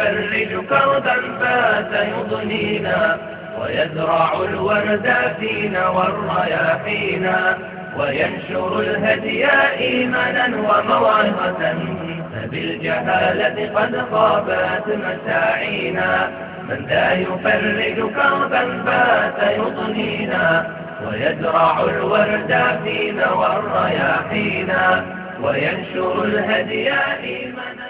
يفرج كربا فات يضنينا ويزرع الورد فينا والرياحينا وينشر الهدي إيمانا وموعظة فبالجهالة قد خابت مساعينا من لا يفرج كربا فات يضنينا ويزرع الورد فينا والرياحينا وينشر الهدي إيمانا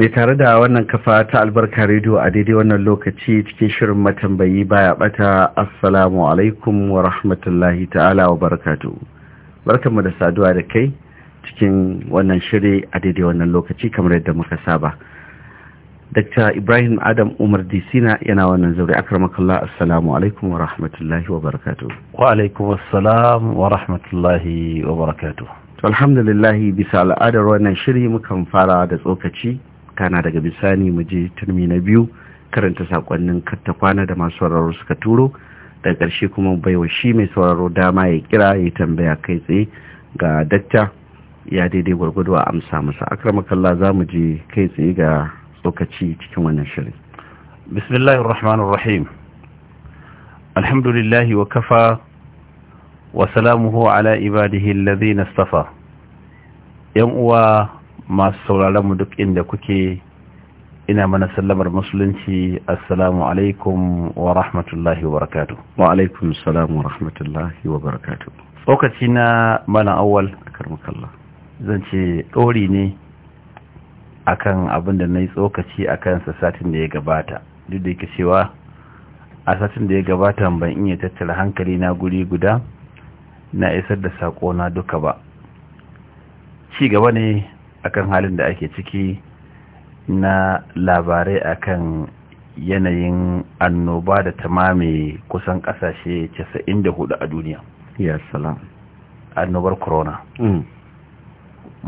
mai tare da wannan kafa ta albarka rediyo a daidai wannan lokaci cikin shirin matambayi baya bata assalamu alaikum wa rahmatullahi ta'ala wa barakatu barkanmu da saduwa da kai cikin wannan shiri a daidai wannan lokaci kamar yadda muka saba Dr. Ibrahim Adam Umar Disina yana wannan zaure akramakallah assalamu alaikum wa rahmatullahi wa barakatu. Wa alaikum assalam wa rahmatullahi wa barakatu. Alhamdulillah bisa al'adar wannan shiri mukan fara da tsokaci kana daga bisani mu je turmi na biyu karanta sakonnin katta kwana da masu sauraro suka turo da ƙarshe kuma baiwa shi mai sauraro dama ya kira ya tambaya kai tsaye ga dakta ya daidai gwargwado a amsa masa kalla za mu je kai tsaye ga tsokaci cikin wannan shirin bismillahir rahmanir rahim alhamdulillahi wa kafa wa salamuhu ala ibadihi alladhina istafa yan uwa masu sauraron mu duk inda kuke ina mana sallamar musulunci assalamu alaikum wa rahmatullahi wa barakatu wa alaikum salam wa rahmatullahi wa barakatu tsokaci na mana awal karmakalla zan ce ɗori ne akan abin da na yi tsokaci a kansa satin da ya gabata duk da yake cewa a satin da ya gabata ban iya tattara hankali na guri guda na isar da saƙona duka ba ci gaba ne akan halin da ake ciki na labarai akan yanayin annoba da ta mame kusan kasashe 94 a duniya yes salam annobar corona mm.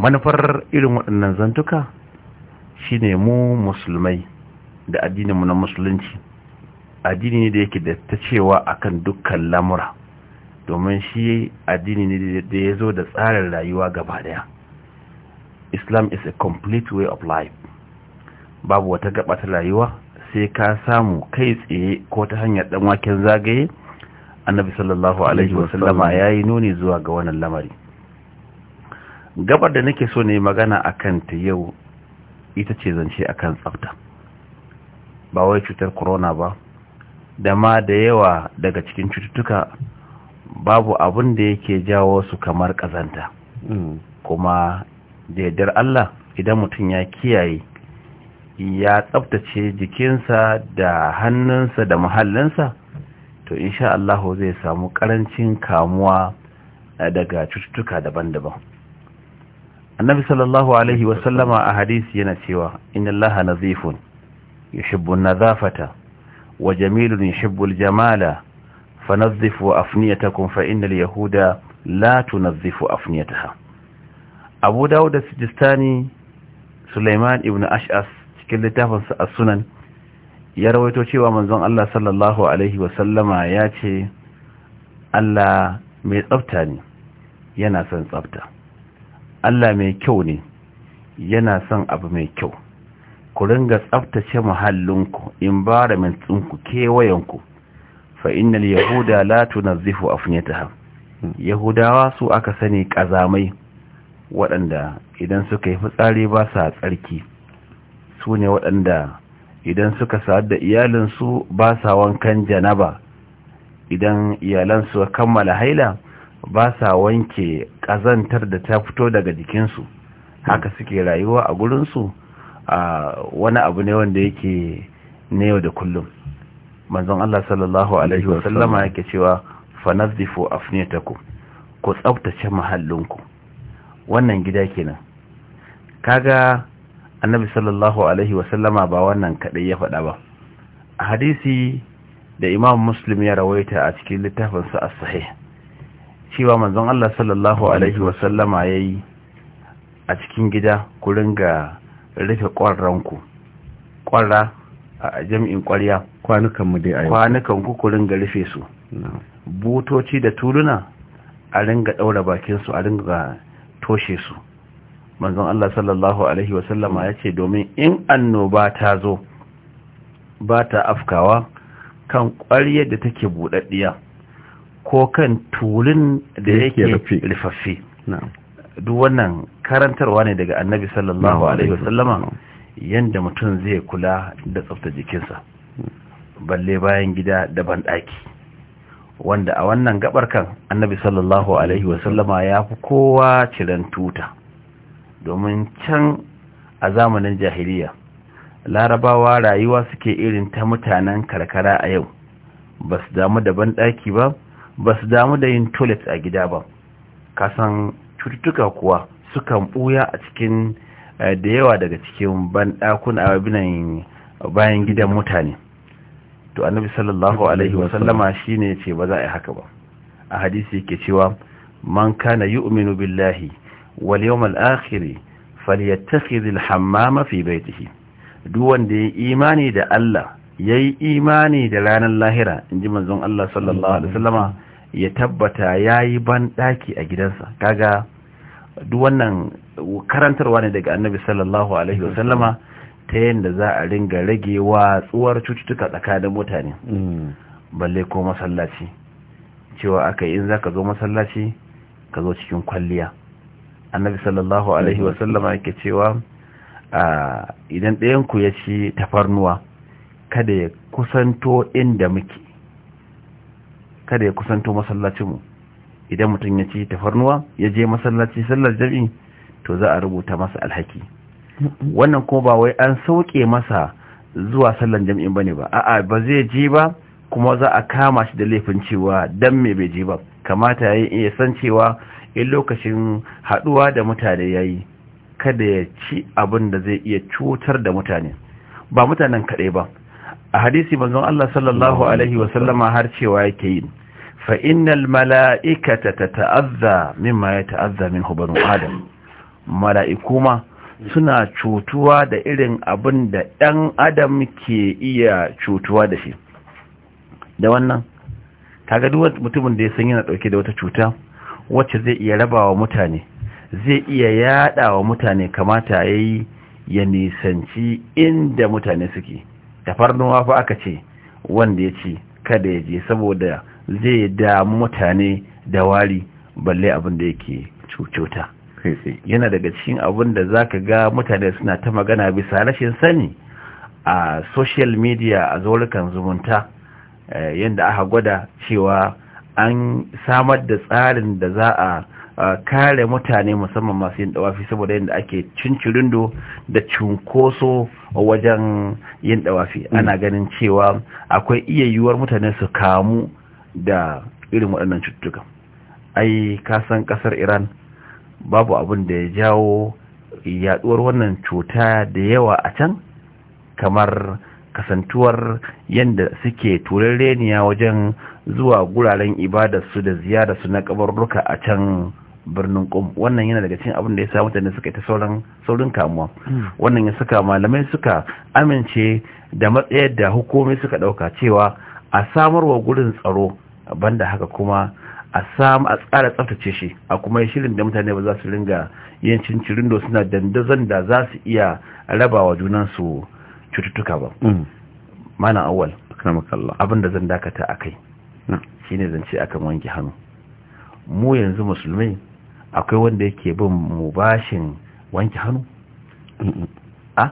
manufar irin waɗannan zantuka shi ne mu musulmai da addininmu na musulunci addini ne da yake da ta cewa akan dukkan lamura domin shi addini ne da ya zo da tsarin rayuwa gaba daya islam is a complete way of life babu wata gaba ta rayuwa sai ka samu kai tsaye ko ta hanyar dan waken zagaye annabi sallallahu alaihi wasallama ya yi nuni zuwa ga wannan lamari gabar da nake so ne magana a ta yau ita ce zance akan tsafta ba wai cutar corona ba da ma da yawa daga cikin cututtuka babu abin da yake jawo su kamar kazanta mm. kuma da yardar Allah idan mutum ya kiyaye ya tsabtace jikinsa da hannunsa da muhallinsa to insha Allah zai samu karancin kamuwa eh, daga cututtuka daban-daban annabi sallallahu alaihi wasallama a hadisi yana cewa inna allaha nazifun yuhibbu an-nazafata wa jamilun yuhibbu al-jamala fanazzifu afniyatakum fa innal yahuda la tunazzifu afniyataha abu dawo da sijistani suleiman ibn ash'as cikin littafinsa a sunan ya rawaito cewa manzon Allah sallallahu alaihi wasallama ya ce Allah mai tsafta ne yana son tsafta Allah mai kyau ne yana son abu mai kyau ku ringa tsaftace muhallinku environment ɗinku kewayenku fa innal yahuda la tunazzihu afniyataha hmm. yahudawa su aka sani kazamai waɗanda idan suka yi fitsari ba sa tsarki su ne waɗanda idan suka sa'ad da iyalinsu ba sa wankan janaba idan iyalansu kammala haila ba sa wanke ƙazantar da ta fito daga jikinsu haka suke rayuwa a gurinsu a wani abu ne wanda yake na yau da kullum manzon Allah sallallahu alaihi wasallama yake cewa fanazzifu afniyatakum ku tsaftace mahallinku wannan gida kenan kaga annabi sallallahu alaihi wasallama ba wannan kadai ya faɗa ba a hadisi da imam muslim ya rawaita a cikin littafinsa a sahih cewa manzon Allah sallallahu alaihi wasallama ya yi a cikin gida ku ringa rufe ƙwarranku ƙwarra a jam'in ƙwarya mu dai a yau ku ringa rufe su butoci da tuluna a ringa ɗaura bakinsu a ringa toshe su manzon Allah sallallahu alaihi wasallama ya ce domin in annoba ta zo ba ta afkawa kan ƙwariyar da take buɗaɗɗiya ko kan tulun da yake rufaffe duk wannan karantarwa ne daga annabi sallallahu alaihi wasallama yadda mutum zai kula da tsafta jikinsa balle bayan gida da banɗaki wanda a wannan gabar kan annabi sallallahu alaihi wasallama ya fi kowa ciran tuta domin can a zamanin jahiliya larabawa rayuwa suke irin ta mutanen karkara a yau ba su damu da banɗaki ba ba su damu da yin toilet a gida ba kasan cututtuka kuwa sukan ɓuya a cikin eh, da yawa daga cikin banɗakun a bayan gidan mutane to annabi sallallahu alaihi wasallama shine yace ba za a yi haka ba a hadisi yake cewa man kana yu'minu billahi wal yawmal akhir falyattakhidh al hammama fi baytihi duk wanda ya imani da Allah yayi imani da ranar lahira inji manzon Allah sallallahu alaihi wasallama ya tabbata yayi ban daki a gidansa kaga duk wannan karantarwa ne daga annabi sallallahu alaihi wasallama ta yadda za a ringa rage wa tsuwar cututtuka tsakanin mutane mm. balle ko masallaci cewa aka yi in za ka zo masallaci ka zo cikin kwalliya annabi sallallahu alaihi mm. wasallama yake cewa idan ɗayanku ya ci tafarnuwa kada ya kusanto inda muke kada ya kusanto masallacinmu idan mutum ya ci tafarnuwa ya je masallaci sallar jami'i to za a rubuta masa alhaki wannan ko ba wai an sauke masa zuwa sallan ba ne ba a'a ba zai je ba kuma za a kama shi da laifin cewa dan me bai je ba kamata yayi iya san cewa in lokacin haduwa da mutane yayi kada ya ci abin da zai iya cutar da mutane ba mutanen kadai ba a hadisi manzon Allah sallallahu alaihi wa sallama har cewa yake yi fa innal mala'ikata tata'azza mimma yata'azza minhu banu adam mala'iku ma suna cutuwa da irin abin da ɗan adam ke iya cutuwa da shi da wannan kaga duk mutumin da ya san yana ɗauke da wata cuta wacce zai iya rabawa mutane zai iya yada wa mutane kamata ya yi ya nisanci inda mutane suke tafarnuwa fa aka ce wanda ya ce kada ya je saboda zai damu mutane da wari balle abin da yake cuta kai tsaye yana daga cikin abin da za ka ga mutane suna ta magana bisa rashin sani a social media a zaurukan zumunta eh, yadda aka gwada cewa an samar da tsarin da za a kare mutane musamman masu yin dawafi saboda yadda ake cincirindo da cunkoso wajen yin dawafi mm. ana ganin cewa akwai iya yiwuwar mutane su kamu da irin waɗannan cututtuka ai kasan ƙasar iran babu abin da ya jawo yaduwar wannan cuta da yawa a can kamar kasantuwar yadda suke turareniya wajen zuwa guraren ibadarsu da ziyara su na kabarruka a can birnin kum wannan yana daga cikin abin da ya sa mutane suka yi ta saurin kamuwa hmm. wannan ya suka malamai suka amince da matsayar da hukumomi suka dauka cewa a samarwa gurin tsaro banda haka kuma a samu a tsara tsaftace shi a kuma yi shirin da mutane ba za su ringa yin cincirin da suna dandazon da za su iya raba wa junansu cututtuka ba mm. mana awal abin da zan dakata a kai shi ne zance akan wanke hannu mu yanzu musulmai akwai wanda yake bin mu bashin wanke hannu a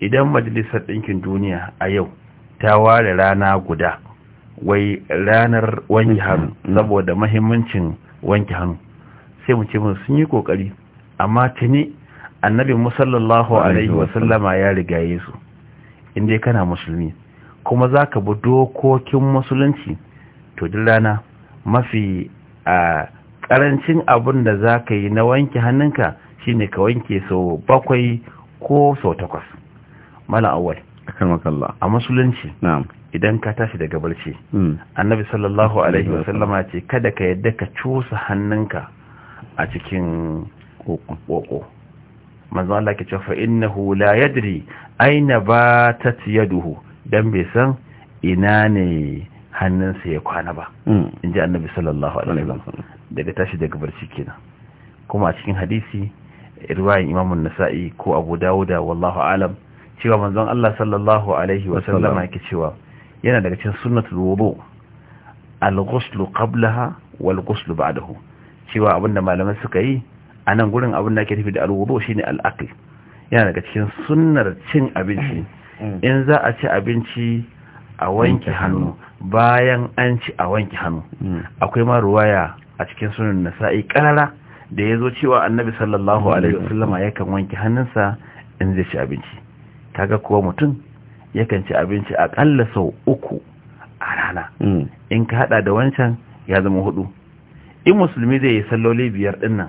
idan majalisar ɗinkin duniya a yau ta ware rana guda wai ranar wanke hannu mm. saboda mahimmancin wanke hannu sai mu ce sun yi kokari amma tuni annabi musallallahu alaihi wasallama ya riga yesu inda kana musulmi kuma za ka bi dokokin musulunci to duk rana mafi a karancin abin da za ka yi na wanke hannunka shine ka wanke sau bakwai ko sau takwas mala awal a musulunci idan ka tashi daga barci hmm. annabi sallallahu alaihi ya ce kada ka yadda ka cusa hannunka a cikin koko manzo Allah ke cewa innahu la yadri aina batat yaduhu dan bai san ina ne hannunsa ya kwana ba hmm. inji annabi sallallahu alaihi wasallam daga tashi daga barci kenan kuma a cikin hadisi riwayan Imam nasai ko Abu Dawud wallahu alam cewa manzon Allah sallallahu alaihi wasallama yake cewa yana daga cikin sunnatul wudu al-ghuslu qablaha wal ghuslu ba'dahu cewa abinda malaman suka yi a nan gurin abin da ake tafi da al-wudu shine al-aql yana daga cikin sunnar cin abinci in za a ci abinci a wanke hannu bayan an ci a wanke hannu akwai ma ruwaya a cikin sunan nasa'i karara da ya zo cewa annabi sallallahu alaihi wasallama yakan wanke hannunsa in zai ci abinci kaga kuwa mutum yakan ci abinci akalla sau uku a rana hmm. in ka hada da wancan ya zama hudu in musulmi zai yi salloli biyar dinnan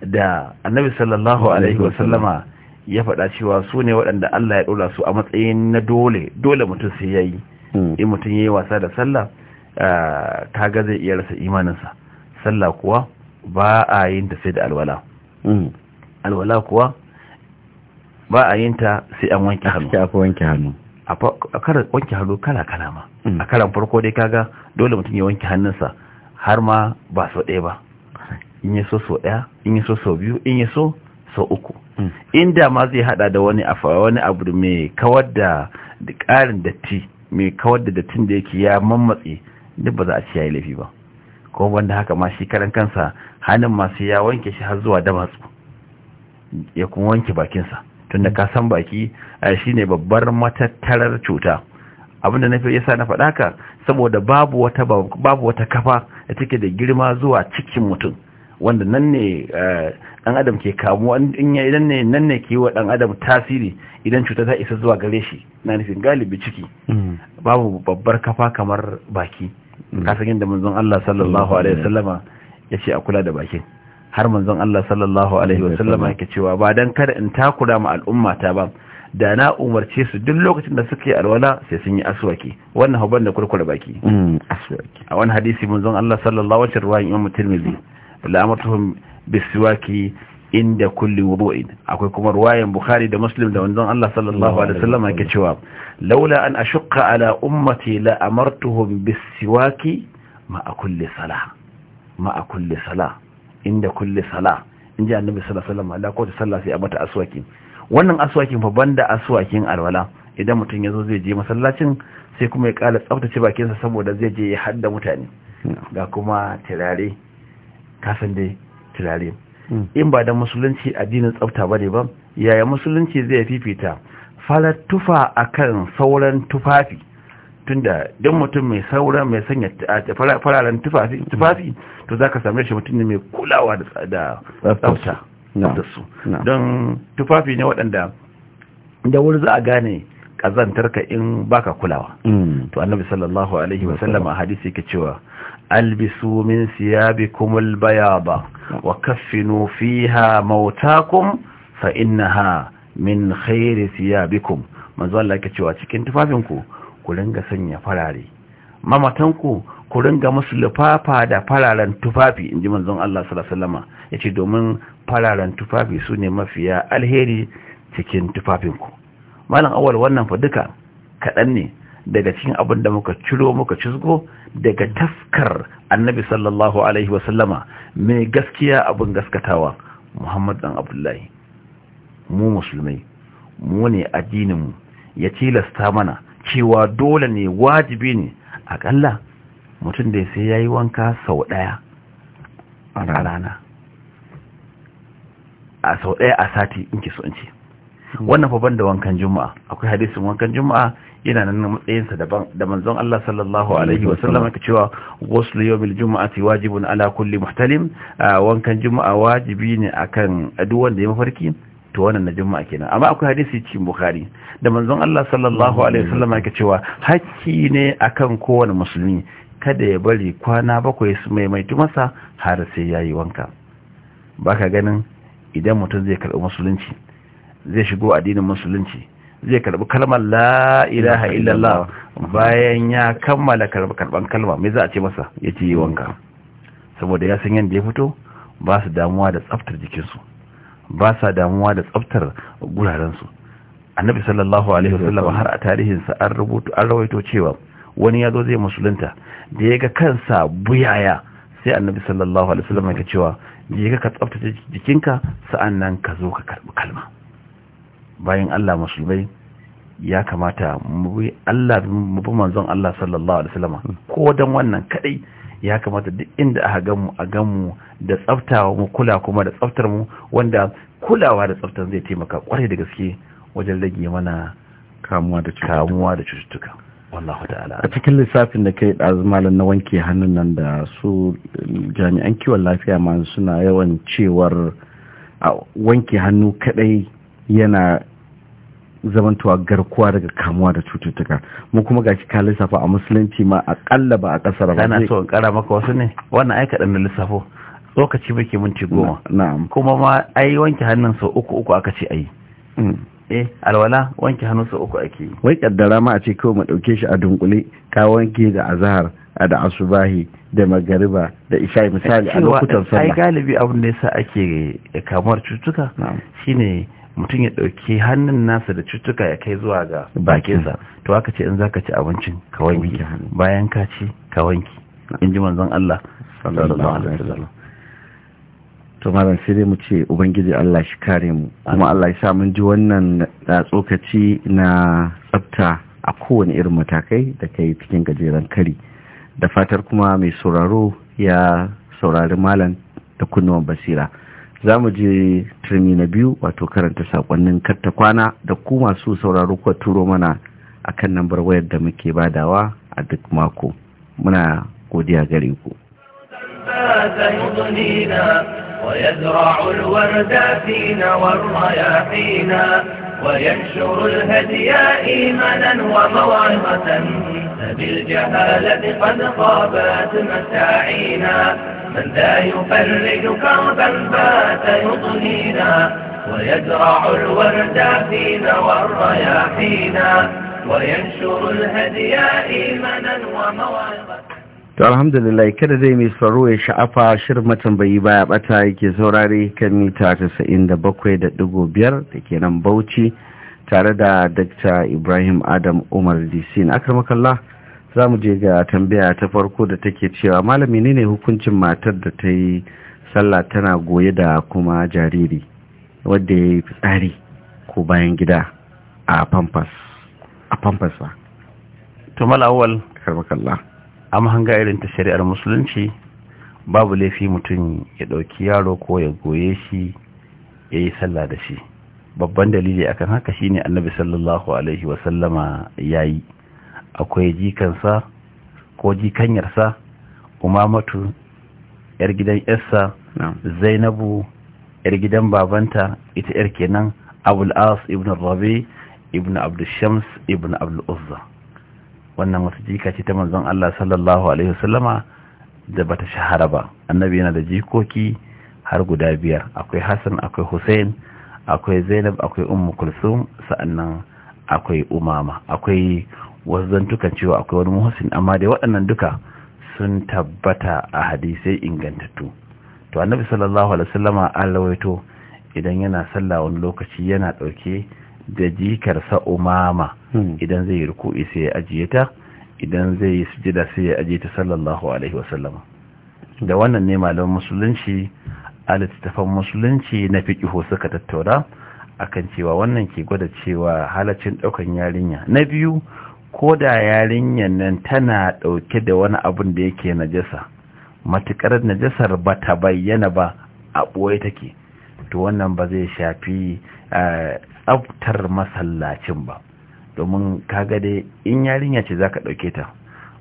da annabi sallallahu alaihi wasallama ya faɗa cewa su ne waɗanda Allah ya ɗora su a matsayin na dole dole mutum sai ya hmm. in mutum ya wasa da sallah ta ga zai iya rasa imaninsa sallah kuwa ba a yin ta sai da alwala hmm. alwala kuwa ba a yin ta sai an wanke hannu a karan wanke hannu kala kala ma mm. a karan farko dai kaga dole mutum ya wanke hannunsa har ma ba so ɗaya ba in ya so so ɗaya in ya so so biyu in ya so so uku mm. inda ma zai hada da wani wani abu mai kawar da ƙarin datti mai kawar da dattin da yake ya mammatse duk ba za a ci yayi laifi ba ko wanda haka ma shi karan kansa hannun masu ya wanke shi har zuwa da damatsu ya kuma wanke bakinsa tunda ka san baki eh, shine babbar matattarar cuta abinda na fi yasa na faɗa ka saboda babu wata kafa da take da girma zuwa cikin mutum wanda nan ne dan eh, adam ke kamuwa idan ne nan ne ke wa dan adam tasiri idan cuta ta isa zuwa gare shi na nufin galibi ciki mm. babu babbar kafa kamar baki mm. kasan yadda manzon Allah sallallahu alaihi mm. wasallama ya ce a kula da bakin har manzon Allah sallallahu alaihi wasallama yake cewa ba dan kada in takura ma al'ummata ba da na umarce su duk lokacin da suke alwala sai sun yi aswaki wannan haban da kurkure baki mm, a wani hadisi manzon Allah sallallahu alaihi wasallam Imam Tirmidhi la'amartuhum bisiwaki inda kulli wudu'in akwai kuma ruwayan Bukhari da Muslim da manzon Allah sallallahu alaihi wasallam yake cewa laula an ashqa ala ummati la amartuhum bisiwaki ma'a kulli salah ma'a kulli salah inda kulli sala in ji annabi sallallahu alaihi wasallam Allah ko ta sallah sai a mata aswaki wannan aswakin fa banda aswakin alwala idan mutum ya zo zai je masallacin sai kuma ya kala tsaftace bakinsa saboda zai je ya hadda mutane hmm. ga kuma turare kafin dai turare hmm. in ba da musulunci addinin tsafta bane ba yaya musulunci zai fifita falar tufa akan sauran tufafi tunda don mutum mai saura mai sanya fararen tufafi to to zaka same shi mutum ne mai kulawa da tsafta da su don tufafi ne waɗanda da wuri za a gane kazantar ka in baka kulawa mm. to annabi sallallahu alaihi wa a hadisi yake cewa albisu min siyabikum albayaba wa kaffinu fiha mautakum fa innaha min khairi siyabikum manzo Allah yake cewa cikin tufafinku ku ringa sanya farare mamatanku ku ringa musu lufafa da fararen tufafi In ji manzon Allah sallallahu alaihi wasallam yace domin fararen tufafi su ne mafiya alheri cikin tufafinku malam awal wannan fa duka kadan ne daga cikin abin da muka ciro muka cizgo daga tafkar annabi sallallahu alaihi wasallama mai gaskiya abin gaskatawa muhammad dan abdullahi mu musulmai mu ne addininmu ya tilasta mana cewa dole ne wajibi ne akalla mutum da sai ya yi wanka sau ɗaya a rana a sau ɗaya a sati in ki so in ce wannan faban da wankan juma'a akwai hadisin wankan juma'a yana nan matsayinsa daban da manzon Allah sallallahu alaihi wasallam yake cewa ghusl yawmil juma'ati wajibun ala kulli muhtalim wankan juma'a wajibi ne akan duk wanda ya mafarki to wannan na juma'a kenan amma akwai hadisi cikin bukhari da manzon Allah sallallahu alaihi wasallam yake cewa hakki ne akan kowane musulmi kada ya bari kwana bakwai su maimaitu masa har sai yayi wanka baka ganin idan mutum zai karbi musulunci zai shigo addinin musulunci zai karbi kalmar la ilaha illallah bayan ya kammala karban kalma me za a ce masa ya ce yi wanka saboda ya san yadda ya fito ba su damuwa da tsaftar jikinsu ba sa damuwa da tsaftar gurarensu annabi sallallahu alaihi wasallam har a tarihin sa an rubutu an rawaito cewa wani ya zo zai musulunta da ya ga kansa buyaya sai annabi sallallahu alaihi wasallam ya cewa je ka tsaftace jikinka sa'annan ka zo ka karbi kalma bayan Allah musulmai ya kamata mu bi Allah mu bi manzon Allah sallallahu alaihi wasallam ko dan wannan kadai ya kamata duk inda aka gamu a gamu da tsafta mu kula kuma da tsaftar mu wanda kulawa da tsaftar zai taimaka kwarai da gaske wajen rage mana kamuwa da kamuwa da cututtuka wallahi ta'ala a cikin lissafin da kai dazu malam na wanke hannun nan da su jami'an kiwon lafiya ma suna yawan cewar a wanke hannu kadai yana zamantowa garkuwa daga kamuwa da cututtuka mu kuma gashi ka lissafa a musulunci ma kalla ba a kasar ba kana so kara maka wasu ne wannan aika kaɗan lissafo lokaci muke minti goma na'am kuma ma ai wanke hannun sau uku uku aka ce ai mm. eh alwala wanke hannun sau uku ake yi wai kaddara ma a ce kawai mu dauke shi a dunkule ka wanke da azhar da asubahi da magariba da isha misali a lokutan sallah ai galibi abin da yasa ake kamuwar cututtuka shine mutum ya ɗauki hannun nasa da cutuka ya kai zuwa ga bakinsa to aka ce in zaka ci abincin ka wanki bayan ka ci ka wanki in ji manzon Allah sallallahu alaihi wasallam to malam sai dai mu ce ubangiji Allah shi kare mu kuma Allah ya sa mun ji wannan tsokaci na tsafta a kowane irin matakai da kai cikin gajeren kari da fatar kuma mai sauraro ya saurari malam da kunnuwan basira za mu je turmi na biyu wato karanta sakonnin karta kwana da ku masu sauraro kuwa turo mana akan nambar wayar da muke badawa a duk mako muna godiya gare ku ويزرع الورد فينا والرياحينا وينشر الهدي إيمانا وموعظه فبالجهاله قد خابت مساعينا من لا يفرج كربا بات يطهينا ويزرع الورد فينا والرياحينا وينشر الهدي ايمنا ومواعظة to alhamdulillah kada zai mai tsaro ya sha'afa shirin matambayi baya bata yake saurare kan mita 97.5 da ke nan bauchi tare da dr ibrahim adam umar disin akramakallah za mu je ga tambaya ta farko da take cewa malami ne ne hukuncin matar da ta yi sallah tana goye da kuma jariri wadda ya yi fitsari ko bayan gida a pampas a pampas ba to malawal karbakalla amma hanga irin ta shari'ar musulunci babu laifi mutum ya ɗauki yaro ko ya goye shi ya yi sallah da shi babban dalili akan haka shine annabi sallallahu alaihi wasallama ya yi akwai jikansa ko jikanyarsa umamatu yar gidan yarsa zainabu yar gidan babanta ita yar kenan abul as ibn rabi ibn abdushams ibn abdul'uzza wannan wata jika ce ta manzon Allah sallallahu alaihi wasallama da bata shahara ba annabi yana da jikoki har guda biyar akwai hassan akwai hussein akwai zainab akwai ummu kulsum sa'annan akwai umama akwai wasu zantukan cewa akwai wani muhassin amma dai waɗannan duka sun tabbata a hadisai ingantattu to annabi sallallahu alaihi wasallama alawaito idan yana sallah wani lokaci yana ɗauke da jikar sa umama hmm. idan zai ruku'i sai ya ajiye ta idan zai yi sujida sai ya ajiye ta sallallahu alaihi wasallama da wannan ne malaman musulunci a littattafan musulunci na fiƙiho suka tattauna akan cewa wannan ke gwada cewa halacin ɗaukan yarinya na biyu ko da yarinyar nan tana ɗauke da wani abun da yake najasa matuƙar najasar ba ta bayyana ba a ɓoye take to wannan ba zai shafi eh, tsaftar masallacin ba domin kaga dai in yarinya ce za ka ɗauke ta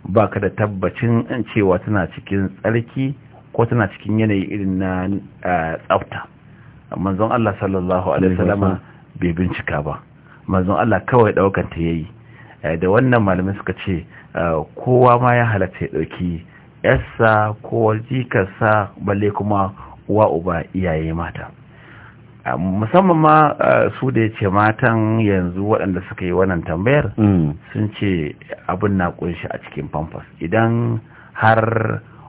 ba ka da tabbacin cewa tana cikin tsarki ko tana cikin yanayi irin na eh, tsafta manzon Allah sallallahu alaihi wasallama bai bincika ba manzon Allah kawai ɗaukan ta yayi Eh, da wannan malamai suka ce eh, kowa ma ya halatta ya ɗauki yasa ko jikarsa balle kuma uwa uba iyaye mata eh, musamman ma su da ya ce matan yanzu waɗanda suka yi wannan tambayar mm. sun ce abin na kunshi a cikin famfas idan har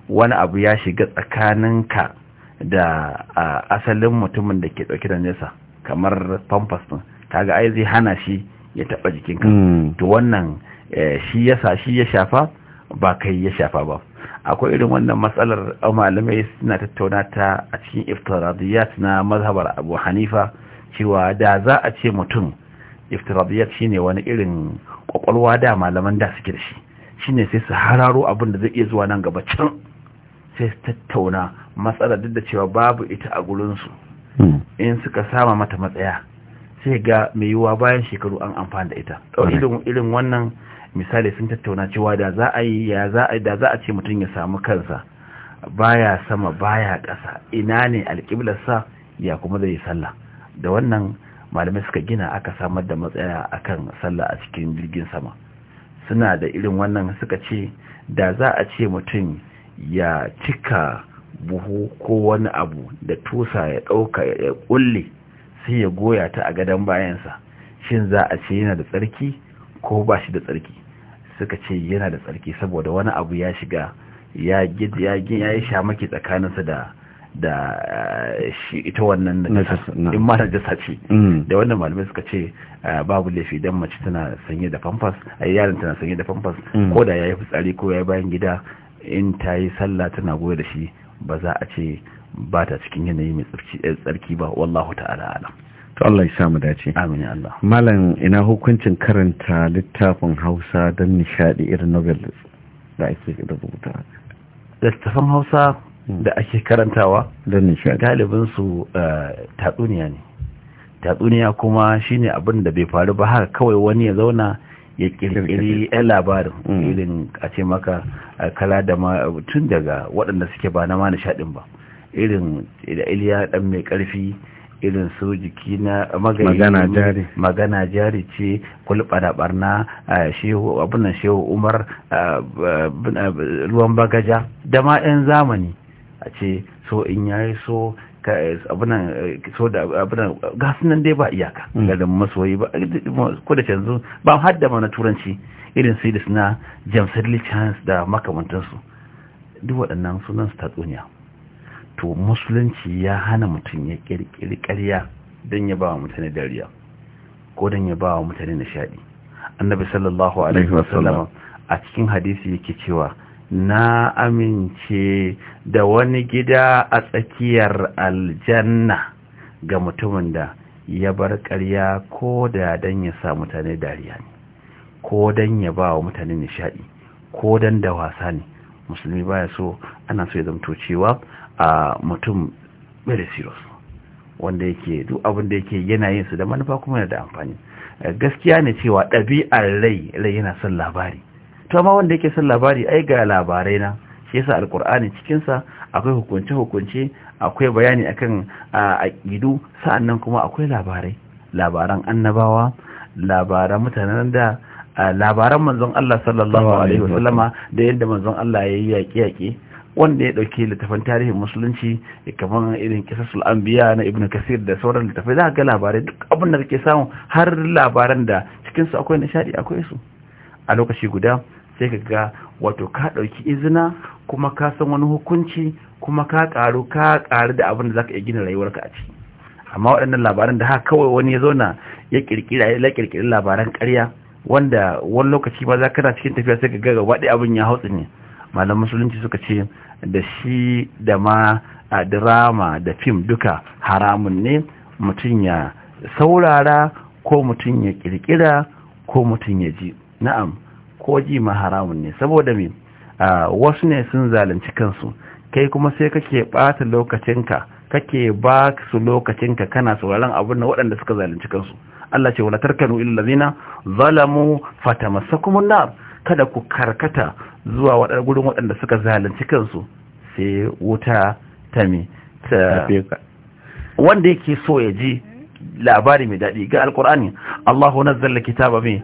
wani abu ya shiga tsakaninka da asalin mutumin da ke ɗauki da nesa kamar famfas ɗin kaga ai zai hana shi ya taba jikinka hmm. to wannan eh, shi ya sa shi ya shafa ba kai ya shafa ba akwai irin wannan matsalar malamai suna tattauna ta a cikin iftiradiyat na mazhabar abu hanifa cewa da za a ce mutum iftiradiyat shine wani irin kwakwalwa da malaman da suke da shi shine sai su hararo abin da zai iya zuwa nan gaba can sai su tattauna matsalar duk da cewa babu ita a gurinsu hmm. in suka sama mata matsaya sai ga mai yiwuwa bayan shekaru an amfani da ita irin wannan misali sun tattauna cewa da za a yi da za a ce mutum ya samu kansa baya sama baya ƙasa ina ne sa ya kuma zai sallah da wannan malamai suka gina aka samar da matsaya akan sallah a cikin jirgin sama suna da irin wannan suka ce da za a ce mutum ya cika buhu ko wani abu da tusa ya ɗauka ya ƙulle sai ya goya ta a gadon bayansa shin za a ce yana da tsarki ko ba shi da tsarki suka ce yana da tsarki saboda wani abu ya shiga ya yi shamaki tsakaninsa da da eh, shi ita wannan in ma najasa ce mm. da wannan malamai suka ce eh, babu laifi dan mace tana sanye da famfas a yaron tana sanye da famfas mm. ko da ya yi fitsari ko ya yi bayan gida in ta yi sallah tana goya da shi ba za a ce ba ta cikin yanayi mai eh, tsarki ba wallahu ta'ala alam to Allah ya samu dace amin Allah malam ina hukuncin karanta littafin Hausa don nishadi irin Nobel? da ake da rubuta littafin Hausa hmm. da ake karantawa don nishadi galibin su eh, tatsuniya ne tatsuniya kuma shine abin da bai faru ba haka kawai wani ya zauna ya kirkiri yan labarin hmm. irin a ce maka eh, kala da ma tun daga waɗanda suke ba na ma nishaɗin ba irin iliya dan mai karfi irin su jiki na magana jari magana jari ce kulbada barna shehu shehu umar ruwan bagaja dama 'yan zamani a ce so in yayi so abunan so da gasunan dai ba iyaka mm. da masoyi ba ko da canzu ba hadda ma na turanci irin sidis na james chance da makamantansu duk waɗannan sunan su tatsuniya to musulunci ya hana mutum ya kirkiri ƙarya don ya ba wa mutane dariya ko don ya ba wa mutane nishadi annabi sallallahu alaihi wasallam a cikin hadisi yake cewa na amince da wani gida a tsakiyar aljanna ga mutumin da ya bar ƙarya ko da don ya sa mutane dariya ne ko don ya ba wa mutane nishadi ko don da wasa ne musulmi baya so ana so ya zamto cewa a mutum bai da wanda yake duk abin da yake yana yin su da manufa kuma yana da amfani eh, gaskiya ne cewa ɗabi'ar rai rai yana son labari to amma wanda yake son labari ai ga labarai na shi yasa alkur'ani cikin sa akwai hukunce hukunce akwai bayani akan aqidu sa'annan kuma akwai labarai labaran annabawa labaran mutanen da labaran manzon Allah sallallahu alaihi wasallama da yadda manzon Allah yayi yaƙi yaƙi wanda ya dauke littafin tarihin musulunci kamar irin kisasul anbiya na ibnu kasir da sauran littafai za ga labarai duk abin da kake samu har labaran da cikin su akwai nishadi akwai su a lokaci guda sai ka ga wato ka dauki izina kuma ka san wani hukunci kuma ka karu ka karu da abin da zaka iya gina rayuwarka a ciki amma waɗannan labaran da haka kawai wani ya zauna ya kirkira ya kirkira labaran ƙarya wanda wani lokaci ma za ka na cikin tafiya sai ka ga gaba ɗaya abin ya hautsi ne malam musulunci suka ce da shi da ma a drama da fim duka haramun ne mutum ya saurara ko mutum ya kirkira ko mutum ya ji na'am ko ji ma haramun ne saboda me wasu ne sun zalunci kansu kai kuma sai kake ɓata lokacinka kake ba su lokacinka kana sauraron abin da waɗanda suka zalunci kansu Allah ce wala tarkanu illazina zalamu fatamassakumun nar kada ku karkata zuwa waɗanda waɗanda suka zalunci kansu sai wuta ta me ta wanda yake so ya ji labari mai daɗi ga alƙur'ani Allahu nazzala kitaba mai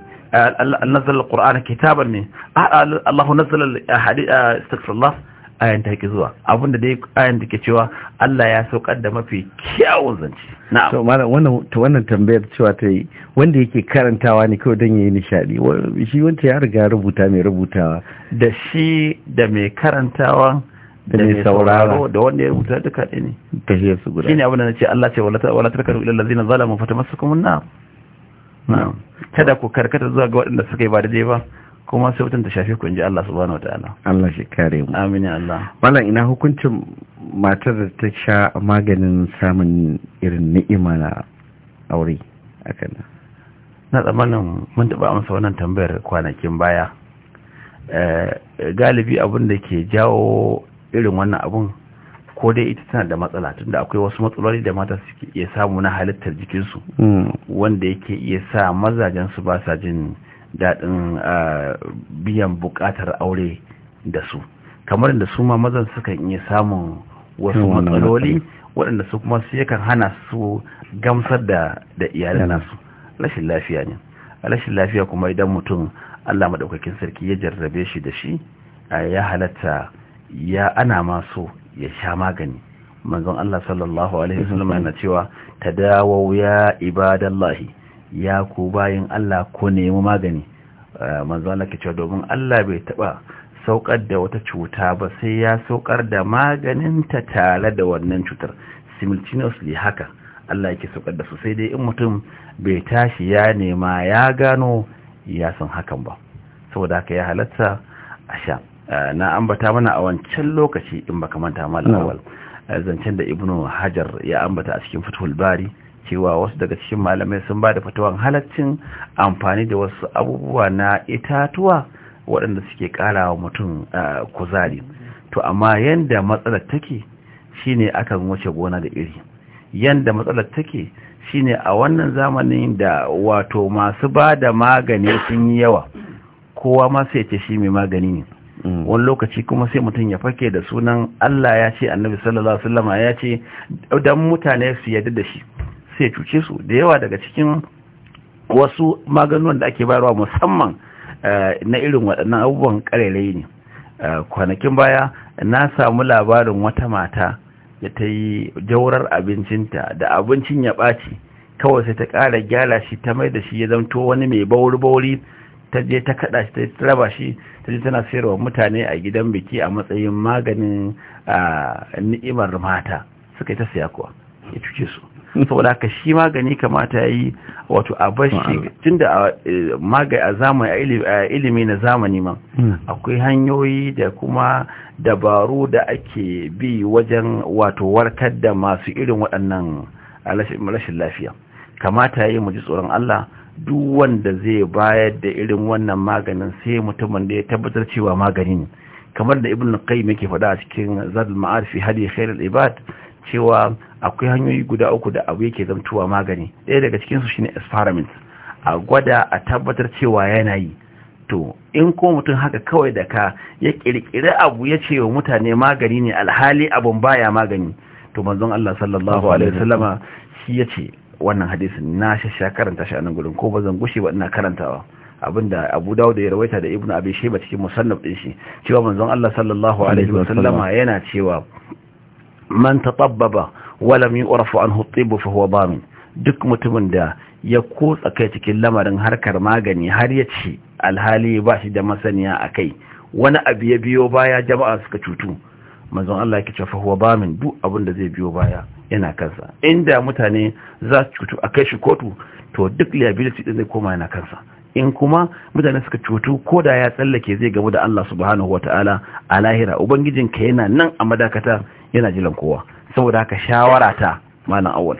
nazzala alƙur'ani kitaban ne Allahu nazzala hadith astaghfirullah ayan take zuwa abin da dai ayan take cewa Allah ya saukar da mafi kyawun zance na'am to mallam wannan to wannan tambayar cewa ta yi wanda yake karantawa ne kawai dan yayi nishadi shi wanda ya riga rubuta mai rubutawa da shi da mai karantawa da mai sauraro da wanda ya rubuta duka ɗaya ne ta shi su guda shine abin da nace Allah ce wala wala tarkatu ila allazina zalamu fatamassakumun na'am na'am kada ku karkata zuwa ga waɗanda suka yi ba daidai ba kuma sai wutan ta shafi ku inji Allah subhanahu wataala Allah shi kare mu amin Allah mallan ina hukuncin matar da ta sha maganin samun irin ni'ima na aure akan na tsammanin mun taba amsa wannan tambayar kwanakin baya eh, galibi abin da ke jawo irin wannan abun ko dai ita tana da matsala tunda akwai wasu matsaloli da mata suke iya samu na halittar jikinsu hmm. wanda yake iya sa mazajen su ba sa jin daɗin biyan buƙatar aure da su kamar da su ma mazan sukan iya samun wasu matsaloli waɗanda su kuma su yakan hana su gamsar da da iyalan nasu rashin lafiya ne rashin lafiya kuma idan mutum Allah madaukakin sarki ya jarrabe shi da shi ya halatta ya ana ma so ya sha magani manzon Allah sallallahu alaihi wasallam yana cewa tadawu ya ibadallahi ya ku bayin Allah ko nemi magani eh, manzo Allah ke domin Allah bai taba saukar da wata cuta ba sai ya saukar da maganin ta tare da wannan cutar simultaneously haka Allah yake saukar da su sai dai in mutum bai tashi ya nema ya gano ya san hakan ba saboda haka ya halatta a sha eh, na ambata mana a wancan lokaci in baka manta mallawal awal eh, zancen da ibnu hajar ya ambata a cikin fathul bari cewa wasu daga cikin malamai sun ba da fatawan halaccin amfani da wasu abubuwa na itatuwa waɗanda suke ƙara wa mutum kuzari to amma yanda matsalar take shine akan wuce gona da iri yanda matsalar take shine a wannan zamanin da wato masu ba da magani sun yi yawa kowa ma sai ce shi mai magani ne mm. wani lokaci kuma sai mutum ya fake da sunan Allah ya ce annabi sallallahu alaihi wasallama ya ce dan mutane su yarda da shi sai cuce su da yawa daga cikin wasu maganuwan da ake bayarwa musamman eh, na irin waɗannan abubuwan ƙarairai ne eh, kwanakin baya na samu labarin wata mata da ta yi jaurar abincinta da abincin ya ɓaci kawai sai ta ƙara gyara shi ta mai da shi ya zanto wani mai bauri-bauri ta je ta kaɗa shi ta raba shi ta je tana sayarwa mutane a gidan biki a matsayin maganin ah, ni'imar mata suka yi ta siya kuwa ya cuce su saboda haka shi magani kamata yi wato a bashi da e, magani a zamani a ilimi na zamani ma hmm. akwai hanyoyi da kuma dabaru da ake bi wajen wato warkar da masu irin waɗannan rashin lafiya kamata yi mu ji tsoron Allah duk wanda zai bayar da irin wannan maganin sai mutumin da ya tabbatar cewa magani ne kamar da ibn qayyim yake faɗa a cikin zadul ma'arif hadi khairul ibad cewa akwai hanyoyi guda uku da abu yake zamtuwa magani ɗaya daga cikinsu shine experiment a gwada a tabbatar cewa yana yi to in ko mutum haka kawai da ka ya kirkiri abu ya ce wa mutane magani ne alhali abun baya magani to manzon Allah sallallahu alaihi wasallama shi ya wannan hadisin na shasha karanta shi a nan gurin ko ba zan gushe ba ina karantawa abinda Abu Dawud ya rawaita da Ibn Abi Shayba cikin musannaf din shi cewa manzon Allah sallallahu alaihi wasallama yana cewa man tatabbaba wa lam yu'rafu anhu at-tibb duk mutumin da ya kotsa kai cikin lamarin harkar magani har ya ci alhali ba shi da masaniya a kai wani abu ya biyo baya jama'a suka cutu manzon Allah yake cewa huwa bamin duk abin da zai biyo baya yana kansa inda mutane za su cutu a kai shi kotu to duk liability din zai koma yana kansa in kuma mutane suka cutu ko da ya tsallake zai gamu da Allah subhanahu wataala a lahira ubangijinka yana nan a madakata yana jilan kowa saboda haka shawara ta malam awwal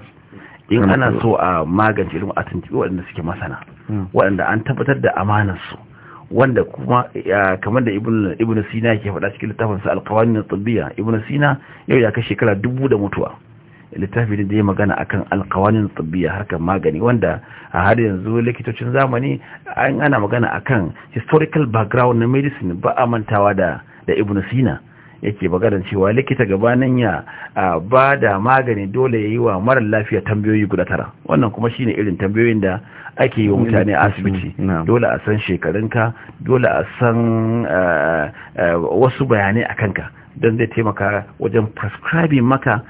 in ana so a magance ilimin a tuntubi waɗanda suke masana hmm. waɗanda an tabbatar da amanarsu wanda kuma kamar da ibn sina ke faɗa cikin littafin sa alkawani na tsibbiya ibn sina yau ya kai shekara dubu da mutuwa littafi da ya magana akan alkawani na tsibbiya harkar magani wanda a har yanzu likitocin zamani an ana magana akan historical background na medicine ba a mantawa da ibn sina yake maganar cewa likita gabanin ya ba da magani dole ya yi wa marar lafiya tambayoyi guda tara wannan kuma shine irin tambayoyin da ake yi wa mutane a asibiti mm, dole a san shekarunka dole a san wasu bayanai a kanka don zai taimaka wajen prescribing maka